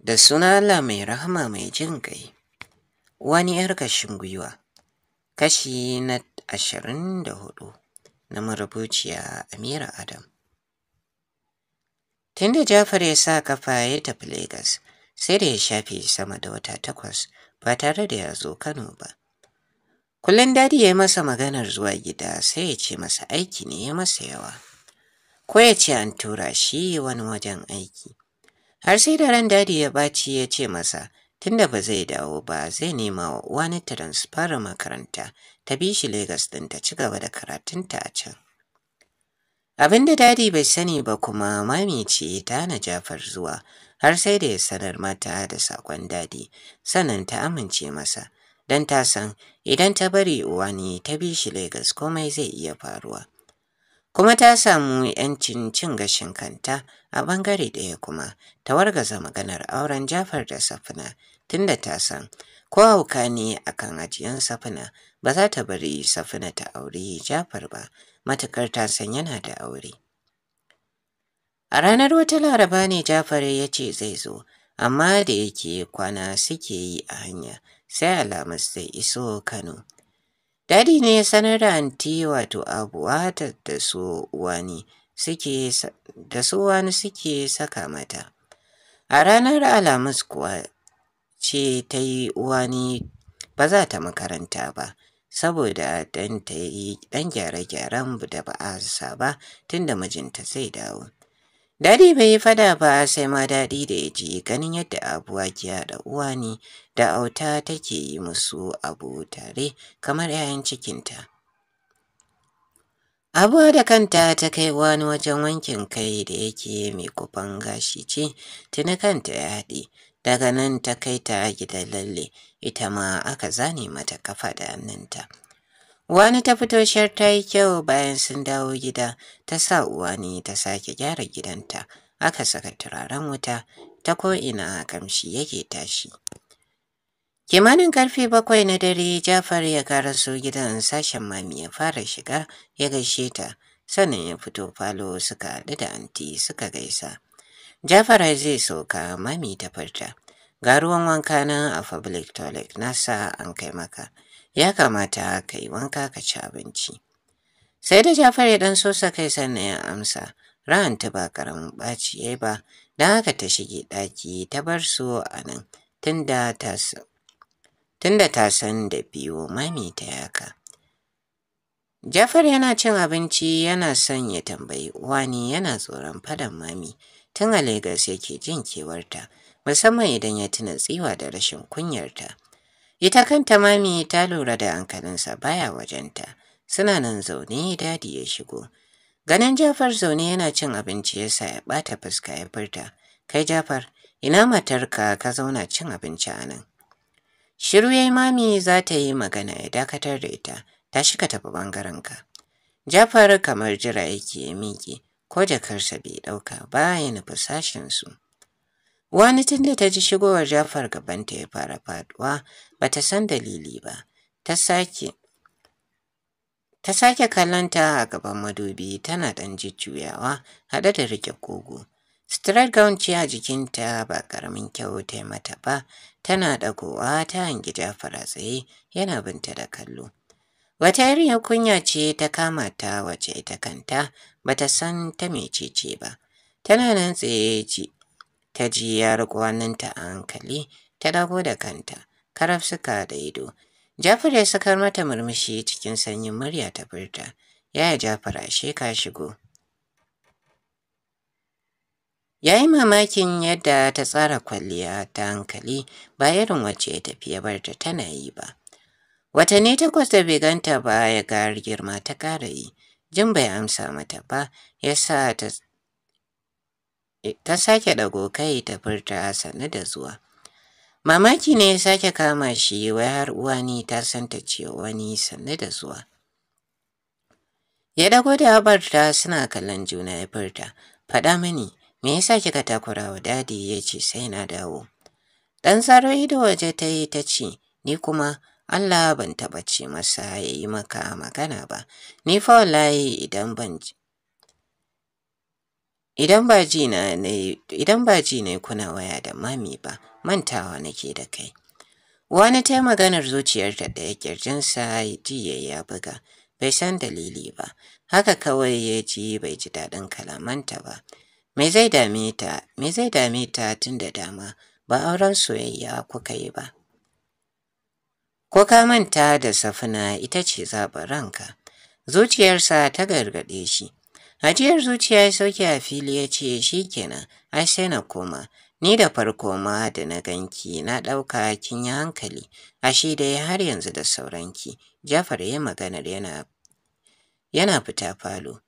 Da suna Allah mai rahama mai jin kai, wani ‘yar kashin gwiwa, kashi na ashirin da hudu na marubuciya Amira Adam. Tunda Jafar ya sa kafa ya tafi Legas, sai da ya shafe sama da wata takwas ba tare da ya zo Kano ba. Kullum dadi ya yi masa maganar zuwa gida sai ya ce masa aiki ne ya masa yawa, ko ya ce an tura shi wani wajen aiki. har sai da ran dadi ya baci ya ce masa tunda ba zai dawo ba zai nema wa wani transfer makaranta ta bi shi Legas din ta ci gaba da karatunta a can. Abin da dadi bai sani ba kuma mami ce ta na Jafar zuwa har sai da ya sanar mata da sakon dadi sannan ta amince masa don ta san idan ta bari uwani ta bi shi Legas komai zai iya faruwa. kuma ta samu 'yancin cin gashin kanta a ɓangare ɗaya kuma ta wargaza maganar auren Jafar da Safina tunda ta san ko hauka ne kan ajiyan Safina ba za ta bari Safina ta aure Jafar ba matukar ta san yana da aure. A ranar wata laraba ne Jafar ya ce zai zo, amma da yake kwana suke yi a hanya sai alamus zai iso Kano. Dadi ne ya sanar da anti wato abuwa da su wani suke da su wani suke saka mata. A ranar Alhamis kuwa ce ta yi wani ba za ta makaranta ba, saboda dan ta yi dan gyare-gyaren da ba a saba tun da mijinta zai dawo. Dadi bai yi fada ba sai ma daɗi da ya ji ganin yadda abuwa ke haɗa uwa ne da auta take yi musu abu tare kamar 'ya'yan cikinta. Abuwa da kanta ta kai wani wajen wankin kai da yake mai kufan gashi ce, tuni kanta ya haɗe, daga nan ta kai ta gidan lalle, ita ma aka zane mata kafa da hannunta. Wani ta fito shar ta yi kyau bayan sun dawo gida, ta sa uwa ne ta sake gyara gidanta, aka saka turaren wuta, ta ko'ina kamshi yake tashi. Kimanin karfe bakwai na dare Jafar ya su gidan sashen mami ya fara shiga ya gaishe ta sannan ya fito falo suka haɗu da anti suka gaisa. Jafar zai sauka mami ta farta. Ga ruwan wanka na a public toilet nasa an kai maka. Ya kamata ka yi wanka ka ci abinci. Sai da Jafar ya ɗan sosa kai sannan ya amsa. Ra'an ta ba karamin ɓaci ya ba, don haka ta shige ɗaki ta bar su a nan tunda ta tunda ta san da biyu mami ta yaka. Jafar yana cin abinci yana son ya tambayi wani yana tsoron fadan mami tun a Legas yake jin kewarta musamman idan ya tuna tsiwa da rashin kunyarta. Ita kanta mami ta lura da hankalinsa baya wajenta suna nan zaune dadi ya shigo. Ganin Jafar zaune yana cin abinci ya sa ya ɓata fuska ya furta. Kai Jafar, ina matarka ka zauna cin abinci a nan? Shiru ya yi mami za ta yi magana ya dakatar da ita, tashi ka tafi ɓangarenka. Jafar kamar jira yake ya miƙe, ko jakarsa bai ɗauka ba ya nufi sashensu. Wani tun da ta ji shigowar Jafar gabanta ya fara faduwa ba ta san dalili ba, ta sake ta kallonta a gaban madubi tana ɗan jujjuyawa haɗe da riƙe kogo. Straight ce a jikinta ba ƙaramin kyau ta mata ba, tana ɗagowa ta hangi Jafara tsaye yana binta da kallo. Wata yarinya kunya ce ta kama ta wace ita kanta bata san ta mai mecece ba. Tana nan tsaye ji, ta ji ya riƙo a hankali, ta dago da kanta, karaf suka da ido. Jafar ya sakar mata murmushi cikin sanyin murya ta furta, yaya Jafar ashe ka shigo. Ya yi mamakin yadda ta tsara kwalliya ta hankali ba irin wacce ya tafi ya barta tana yi ba. Watanni takwas da bai ganta ba ya ga girma ta ƙara yi, jin bai amsa mata ba ya sa ta sake ɗago kai ta furta sannu da zuwa. Mamaki ne ya sake kama shi wai har uwani ta san ta ce wani sannu da zuwa. Ya ɗago da haɓarta suna kallon juna ya furta, faɗa mani Me yasa kika takura wa dadi ya ce sai na dawo. Ɗan zaro ido waje ta yi ta ce, Ni kuma Allah ban taɓa ce masa ya yi maka magana ba, ni fa wallahi idan ban ba ji na idan ba ji na kuna waya da mami ba, mantawa nake da kai. Wani ta maganar zuciyar da ɗaya kirjinsa jiya ya buga, bai san dalili ba, haka kawai ya ji bai ji daɗin kalamanta ba. Me zai dame ta? Me zai dame ta tun da dama ba auren soyayya kuka yi ba. Ko ka manta da safina ita ce zaɓin ranka. Zuciyarsa ta gargaɗe shi. Ajiyar zuciya ya sauke a fili ya ce shi kenan, ai sai na koma. Ni da farko ma da na ganki na ɗauka kin yi hankali, A shi dai har yanzu da sauranki. Jafar ya maganar yana yana fita falo.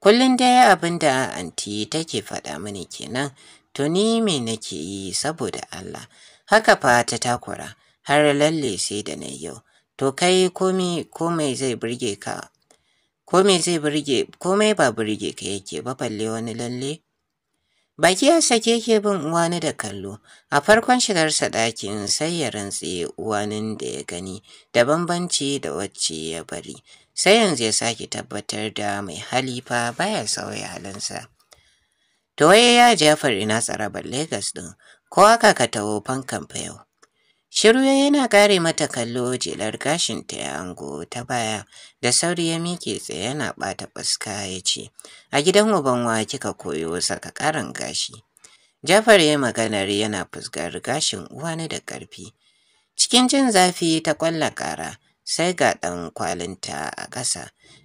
Kullum dai abin da anti take faɗa mini kenan, to ni me nake yi saboda Allah, haka fa ta takura, har lalle sai da na yau, to kai komai zai burge ka, komai zai burge, komai ba burge ka yake ba balle wani lalle. Baki ya sake ke bin uwani da kallo, a farkon shigar sa ɗakin sai ya rantse uwanin da ya gani da bambanci da wacce ya bari. sai yanzu ya sake tabbatar da mai halifa fa baya sauya halinsa. To wai ya Jafar ina tsarabar Legas ɗin, ko haka ka taho fankan fayau. Shiru yana kare mata kallo jelar gashinta ya ango ta baya da sauri ya miƙe tsaye yana ɓata fuska ya ce, A gidan uban wa kika koyo saka ƙarin gashi. Jafar ya maganar yana fuskar gashin uwa uwani da ƙarfi. Cikin jin zafi ta ƙwalla ƙara, sai ga ɗan kwalinta a ƙasa.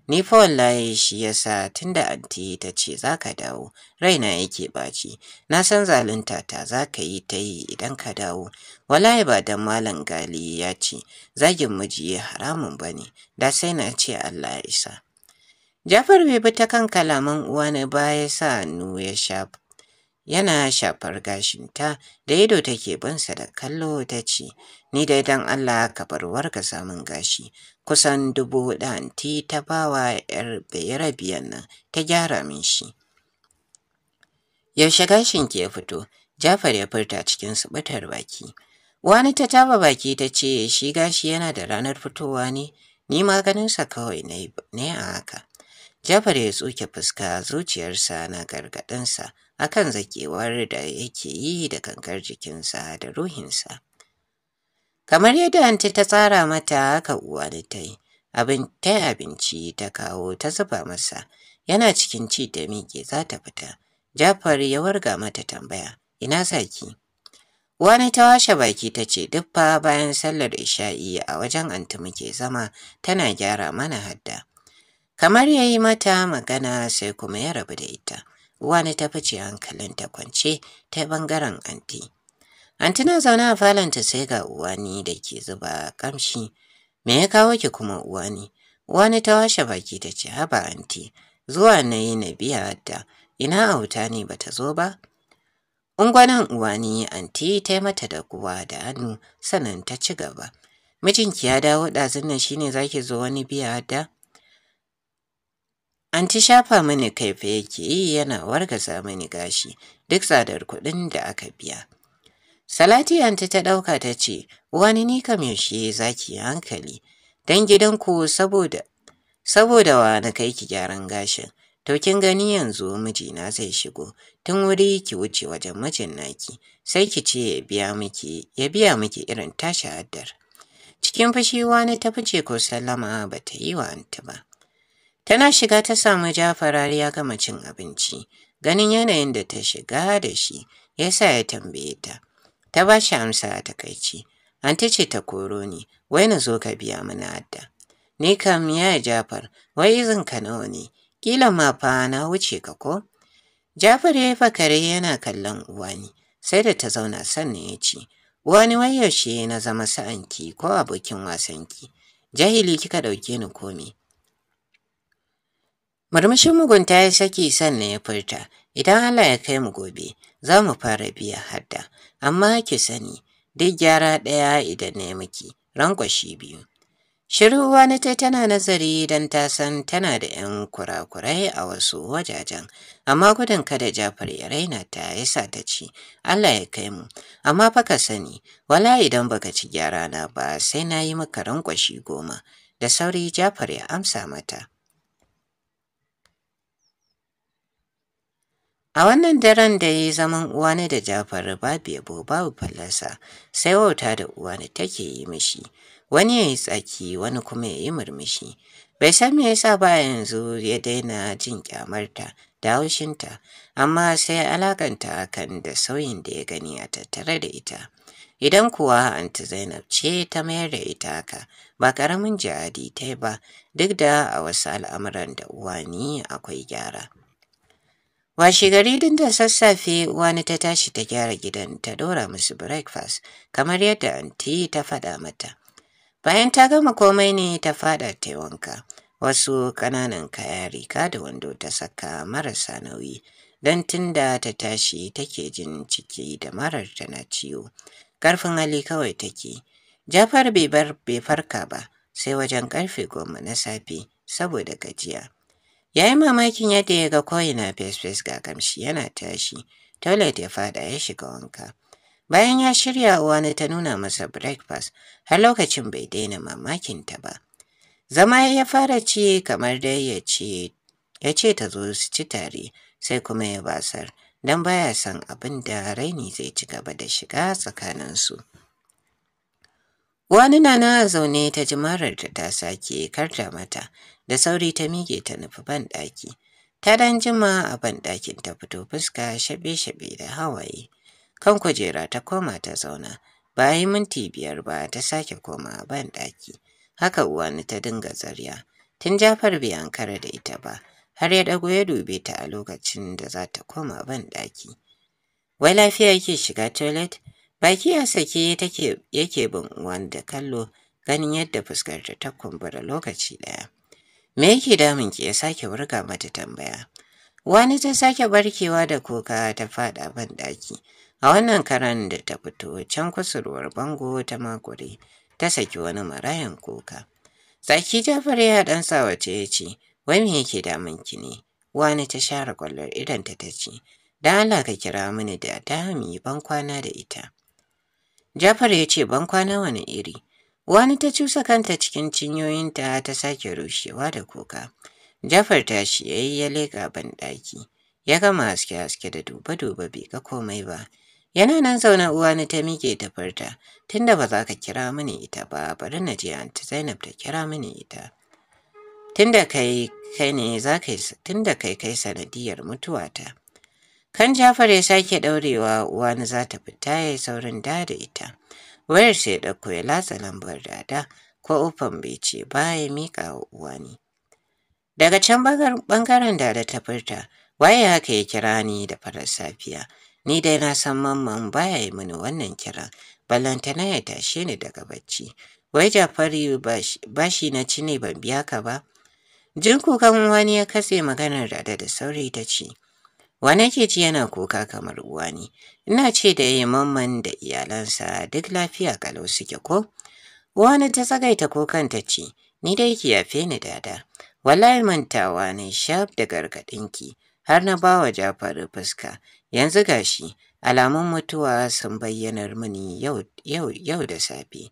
Ni fa wallahi shi yasa tunda anti ta ce za ka dawo, raina yake ɓaci. Na san zalunta ta za ka yi ta yi idan ka dawo. Wallahi ba dan malam gali ya ce, zagin miji haramun ba ne, da sai na ce Allah ya isa. Jafar bai bi ta kan kalaman uwa na baya sa Nu ya shafa. yana shafar gashinta da ido take binsa da kallo ta ce, Ni dai don Allah ka bar warka samun gashi, kusan dubu ɗanti ta bawa ‘yar bayarabiyan nan ta gyara min shi. Yaushe gashin ki ya fito, Jafar ya furta cikin subutar baki. Wani ta taba baki ta ce shi gashi yana da ranar fitowa ne, ni maganinsa kawai ne a haka. Jafar ya tsoke fuska zuciyarsa na gargaɗinsa akan zakewar da yake yi da kankar jikinsa da ruhinsa. Kamar yadda anti ta tsara mata haka da ta yi, ta abinci ta kawo ta zuba masa, yana cikin ci da miƙe za ta fita. Jafar ya warga mata tambaya, ina saki? Wani ta washe baki ta ce duk fa bayan sallar isha'i a wajen anti muke zama tana gyara mana hadda. Kamar ya yi mata magana sai kuma ya rabu da ita. wani ta fice hankalin ta kwance ta bangaren anti. Anti na zaune a falonta sai ga uwani da ke zuba kamshi. Me ya kawo ki kuma uwani? Uwani ta washe baki ta ce haba anti, zuwa na yi na biya da ina auta ne ba ta zo ba? Ungwanan uwani anti ta mata da kuwa da hannu sannan ta ci gaba. Mijinki ya dawo ɗazun nan shine zaki zo wani biya da? An Anti shafa mini kaifa yake yi yana wargaza mini gashi duk tsadar kuɗin da aka biya. Salati anti ta ɗauka ta ce, wani ni kam yaushe za ki hankali, don gidanku saboda saboda wa na kai ki gyaran gashin. To kin gani yanzu mijina zai shigo, tun wuri ki wuce wajen mijin naki, sai ki ce ya biya miki, ya biya miki irin tashi haddar. Cikin fushi wani ta fice ko sallama ba ta yi wa anti ba. Tana shiga ta samu Jafarari ya gama cin abinci, ganin yanayin da ta shiga da shi ya sa ya tambaye ta. Ta ba shi amsa a takaici, ta ce ta koro ni, wai na zo ka biya mana adda. Ni kam ya Jafar, wai izin ka nawa ne, kila ma fa na wuce ka ko? Jafar ya yi fakare yana kallon uwani, sai da ta zauna sannan ya ce, Uwani wai yaushe na zama sa'anki ko abokin wasanki, jahili kika ɗauke ni komi. Murmushin mugunta ya saki sannan ya furta, idan Allah ya kai mu gobe, za mu fara biya hadda, amma ki sani, duk gyara ɗaya idan na miki, rankwashi biyu. shiruwa na ta tana nazari don ta san tana da ‘yan kurakurai a wasu wajajen, amma gudun kada Jafar ya raina ta ya sa ta ci, Allah ya kai mu, amma faka sani, wala idan baka ci gyara na ba sai na yi maka rankwashi goma, da sauri Jafar ya amsa mata. A wannan daren da ya yi zaman uwani da Jafaru babu yabo babu fallasa sai wauta da uwani take yi mishi wani ya yi tsaki wani kuma ya yi murmushi bai san me yasa ba yanzu ya daina jin kyamarta da haushinta amma sai ya alakanta kan da sauyin da ya gani a tattare da ita idan kuwa anti Zainab ce ta mayar da ita haka ba ƙaramin jihadi ta ba duk da a wasu al'amuran da uwani akwai gyara. Washe gari din da sassafe wani ta tashi ta gyara gidan ta dora musu breakfast kamar yadda anti ta faɗa mata. Bayan ta gama komai ne ta faɗa ta wanka. Wasu ƙananan kaya rika da wando ta saka marasa nauyi don tunda ta tashi take jin ciki da marar tana ciwo. Ƙarfin hali kawai take. Jafar bai farka ba sai wajen ƙarfe goma na safe saboda gajiya. Ya yi mamakin yadda ya ga koyi na fesfes ga kamshi yana tashi, toilet ya fada ya shiga wanka. Bayan ya shirya uwani ta nuna masa breakfast, har lokacin bai daina mamakin ta ba. Zama ya fara ci kamar dai ya ce ta zo su ci tare, sai kuma ya basar, don baya san abin da raini zai ci gaba da shiga tsakaninsu. Wani na zaune ta ji marar da ta sake karta mata, da sauri ta mige ta nufi banɗaki. Ta dan jima a banɗakin ta fito fuska shabe-shabe da hawaye. Kan kujera ta koma ta zauna, bayan minti biyar ba ta sake koma banɗaki. Haka uwani ta dinga zarya, tun Jafar bai ankara da ita ba, har ya ɗago ya dube ta a lokacin da za ta koma banɗaki. Wai lafiya yake shiga toilet? Baki a sake take yake bin wanda kallo ganin yadda fuskarta ta kumbura lokaci ɗaya. Me yake damun ki ya sake wurga mata tambaya. Wani ta sake barkewa da kuka ta faɗa ban ɗaki. A wannan karan da ta fito can kusurwar bango ta makure ta saki wani marayan kuka. Tsaki Jafar ya ɗan sa wace ya ce, wai me yake damun ki ne? Wani ta share kwallar idan ta ce, Dan Allah ka kira mini da ta mu yi ban kwana da ita. Jafar ya ce ban kwana wani iri. Wani ta cusa kanta cikin cinyoyinta ta ta sake rushewa da kuka. Jafar tashi ya yi ya leƙa banɗaki. Ya gama haske-haske da duba-duba bai ga komai ba. Yana nan zaune uwani ta miƙe ta furta, tunda ba za ka kira mini ita ba, bari na je anti Zainab ta kira mini ita. Tunda kai kai ne za ka tunda kai kai sanadiyar mutuwata. Kan Jafar ya sake ɗaurewa wani za ta fita ya yi saurin da da ita. Wayar sai ɗauko ya latsa lambar dada ko ufan bai ce ba ya miƙa wa ne. Daga can ɓangaren da ta furta, waye haka ya kira ni da farar safiya. Ni dai na san mamman baya yi mini wannan kiran, ballantana ya tashe ni daga bacci. Wai Jafari ba shi na ci ne ban biya ka ba? Jin kukan wani ya katse maganar dada da sauri ta ce, Wani ke ji yana kuka kamar uwa ne, ina ce da yi mamman da iyalansa duk lafiya kalau suke ko? Wani ta tsagaita kukan ta ce, ni dai ki yafe ni dada, wallahi mantawa ne shaf da gargaɗinki har na bawa jafaru fuska, yanzu gashi alamun mutuwa sun bayyanar mini yau, yau, da safe.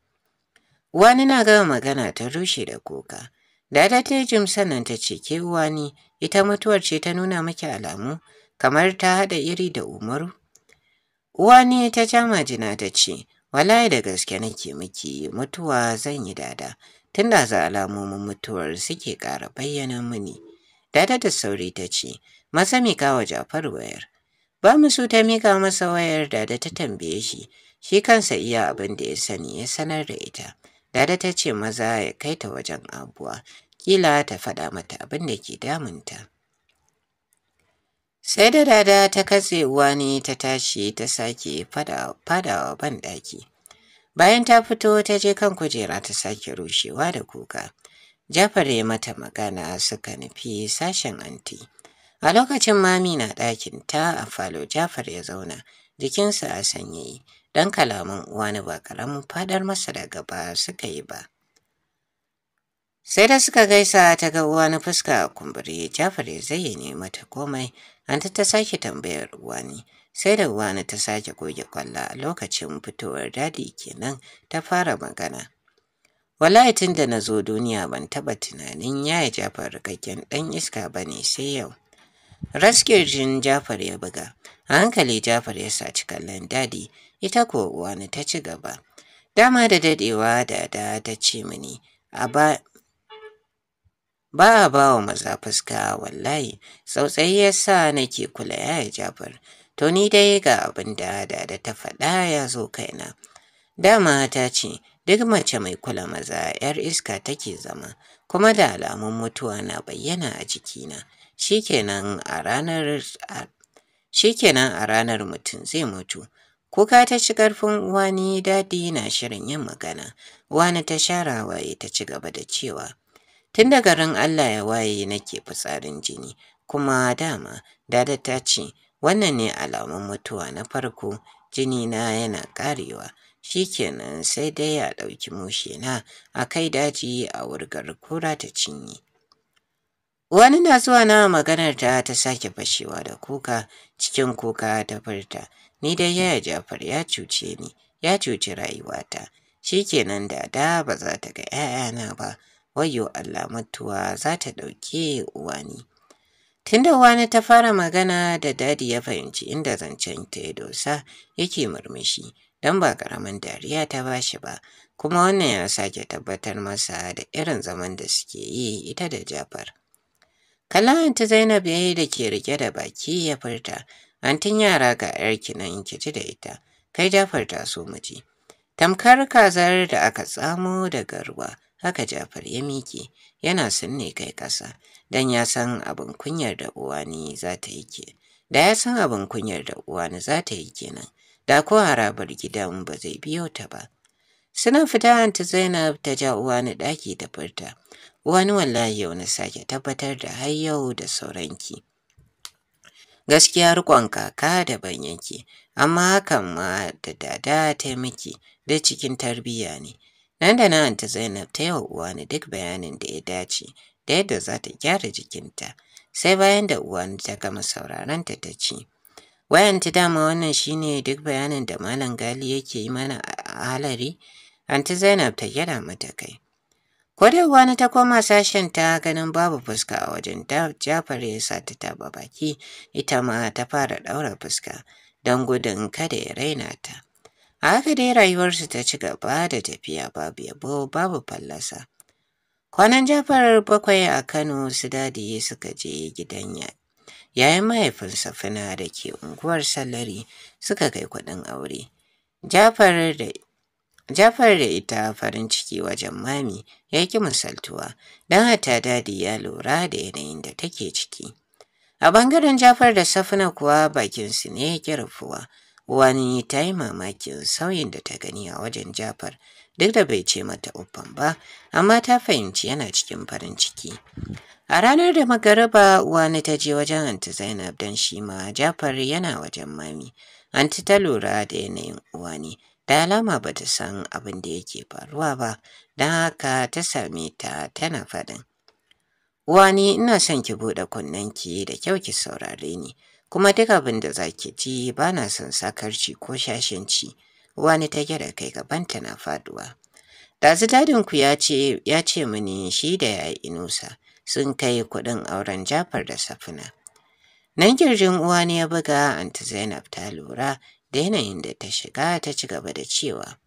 Wani na gama magana ta rushe da kuka, dada ta yi jim sannan ta ce ke uwa ita mutuwar ce ta nuna miki alamu? kamar ta haɗa iri da Umaru. Uwa ne ta ja majina ta ce, Walai da gaske nake miki mutuwa zan yi dada, tunda za alamomin mutuwar suke ƙara bayyana mini. Dada da sauri ta ce, masa mika wa Jafar wayar. Ba mu su ta mika masa wayar dada ta tambaye shi, shi kansa iya abin da ya sani ya sanar da ita. Dada ta ce maza ya kai ta wajen abuwa, kila ta faɗa mata abin da ke damunta. sai da dada ta katse uwani ta tashi ta sake fadawa banɗaki bayan ta fito ta je kan kujera ta sake rushewa da kuka jafar ya mata magana suka nufi sashen anti a lokacin mami na ɗakin ta a falo jafar ya zauna jikinsa a sanyi don kalaman uwani ba karamin fadar masa da gaba suka yi ba sai da suka gaisa ta ga uwani fuska a kumburi jafar ya zayyane mata komai Anta ta sake tambayar wani sai da wani ta sake goge kwalla lokacin fitowar dadi kenan ta fara magana. Wallahi tun da na zo duniya ban taɓa tunanin ya yi Jafar rikakken ɗan iska ba ne sai yau. jin Jafar ya buga, a hankali Jafar ya saci kallon dadi, ita ko wani ta ci gaba. Dama da dadewa da da ta ce mini, a ba ba a ba wa maza fuska wallahi sautsayi ya sa nake kula yaya jafar to ni dai ga abin da da ta faɗa ya zo kaina dama ta ce duk mace mai kula maza yar iska take zama kuma da alamun mutuwa na bayyana a jikina shikenan a ranar shikenan a ranar mutum zai mutu kuka ta ci karfin wani dadi na shirin yin magana wani ta sharawa waye ta ci gaba da cewa Tun da garin Allah ya waye nake fitsarin jini, kuma dama dada ta ce wannan ne alamun mutuwa na farko jini na yana ƙarewa. Shikenan sai dai a ɗauki mushe na, a kai daji a wurgar kura ta cinye. Wani na zuwa na maganar ta ta sake fashewa da kuka cikin kuka ta furta. Ni dai yaya Jafar ya cuce ni, ya cuci rayuwata. Shikenan da da ba za ta ga ‘ya'yana ba. wayo Allah mutuwa za ta ɗauke uwani. Tunda wani ta fara magana da dadi ya fahimci inda zancen ta ya dosa yake murmushi don ba ƙaramin dariya ta ba shi ba, kuma wannan ya sake tabbatar masa da irin zaman da suke yi ita da Jafar. Kallon ta Zainab ya yi da ke rike da baki ya furta, An tun yara ga ‘yarki nan ki ji da ita, kai Jafar ta so mu Tamkar kazar da aka tsamo daga ruwa, haka Jafar ya miƙe yana sunne kai ƙasa don ya san abin kunyar da uwani za ta yi ke. Da ya san abin kunyar da uwani za ta yi kenan, da ko harabar gidan ba zai biyo ta ba. Suna fita Anta Zainab ta ja uwani ɗaki ta furta. Uwani wallahi yau na sake tabbatar da har yau da sauranki. Gaskiya rikon kaka da yake, amma hakan ma da dada ta miki da cikin tarbiyya ne. Nan da nan ta Zainab ta yi wa Uwani duk bayanin da ya dace da yadda za ta gyara jikinta. Sai bayan da Uwani ta gama sauraron ta ta ce, Wayan ta dama wannan shine duk bayanin da Malam Gali yake yi mana a halari, Anti Zainab ta gyara mata kai. Ko da Uwani ta koma sashen ta ganin babu fuska a wajen da Jafar ya sa ta taba baki, ita ma ta fara ɗaura fuska don gudun kada ya raina ta. A haka dai rayuwarsu ta ci gaba da tafiya babu yabo babu fallasa. Kwanan Jafar bakwai a Kano su dadi suka je gidan ya. Yayin mahaifinsa fina da ke unguwar Salari suka kai kuɗin aure. Jafar da ita farin ciki wajen mami ya ki misaltuwa don hata dadi ya lura da yanayin da take ciki. A bangaren Jafar da Safina kuwa bakinsu ne ya ki rufuwa. Wani ta yi mamakin sauyin da ta gani a wajen Jafar, duk da bai ce mata uffan ba, amma ta fahimci yana cikin farin ciki. A ranar da magaraba wani ta je wajen Anti Zainab don shi ma Jafar yana wajen mami. Anti ta lura da yanayin uwani, da alama ba ta san abin da yake faruwa ba, don haka ta same ta tana faɗin. Uwani ina son ki buɗe kunnenki da kyau ki saurare ni. kuma duk abin da za ki ji ba na son sakarci ko shashenci wani ta gyara kai gabanta na faduwa. Dazu dadinku ya ce mini shi da ya inusa sun kai kuɗin auren Jafar da Safina. Nan kirjin uwa ne ya buga Anta Zainab ta lura da yanayin da ta shiga ta ci gaba da cewa.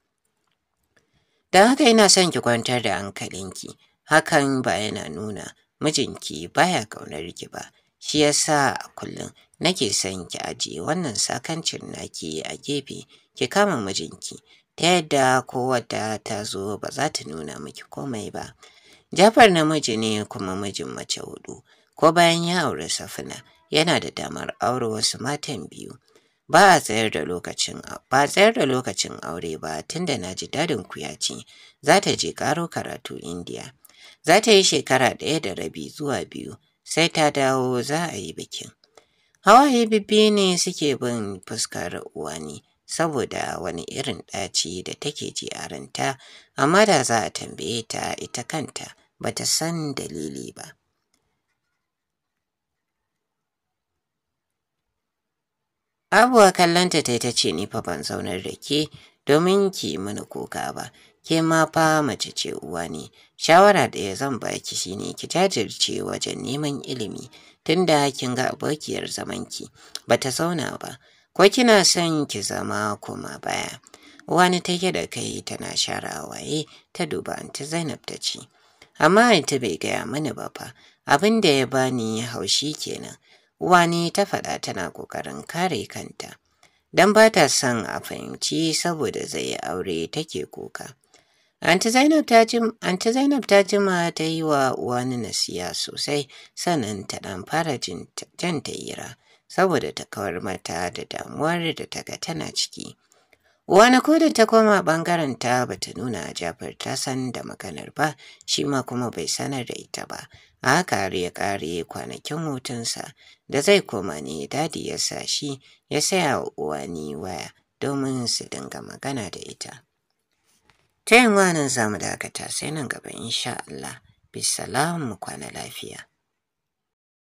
Don haka yana son ki kwantar da hankalinki, hakan ba yana nuna mijinki baya ƙaunar ki ba, shi yasa a kullum nake son ki ajiye wannan sakancin naki a gefe ki kama mijinki ta yadda kowata ta zo ba za ta nuna miki komai ba. Jafar namiji ne kuma mijin mace hudu, ko bayan ya aure safina yana da damar aure wasu matan biyu. Ba a tsayar da lokacin ba tsayar da lokacin aure ba tunda na ji dadin ku ya za ta je karo karatu Indiya. Za ta yi shekara ɗaya da rabi zuwa biyu sai ta dawo za a yi bikin. Hawaye bibbi ne suke bin fuskar uwani saboda wani irin ɗaci da take ji a ranta, amma da za a tambaye ta ita kanta ba ta san dalili ba. Abuwa kallonta ta ce ni fa ban zaunar da ke domin ki mini kuka ba, ke ma fa mace ce uwa ne shawara da ya zan baki shi ne ki jajirce wajen neman ilimi tunda kin ga abokiyar zamanki bata zauna ba ko kina son ki zama kuma baya wani take da kai tana share waye ta duba anti Zainab ta ce amma ita bai gaya mani ba fa abin da ya bani haushi kenan wani ta faɗa tana ƙoƙarin kare kanta don ba ta son a fahimci saboda zai aure take kuka. Anti ta Zainab ta jima ta yi wa wani nasiya sosai sannan ta ɗan fara jin ta ira saboda ta kawar mata da damuwar da ta ga tana ciki. Wani ko da ta koma ɓangaren ta ba ta nuna Jafar ta san da maganar ba shi ma kuma bai sanar da ita ba. A haka ya kare kwanakin hutunsa da zai koma ne dadi ya sa shi ya saya wa uwani waya domin su dinga magana da ita. Ta wa nan za mu dakata sai nan gaba insha Allah. Bisalamu kwana lafiya.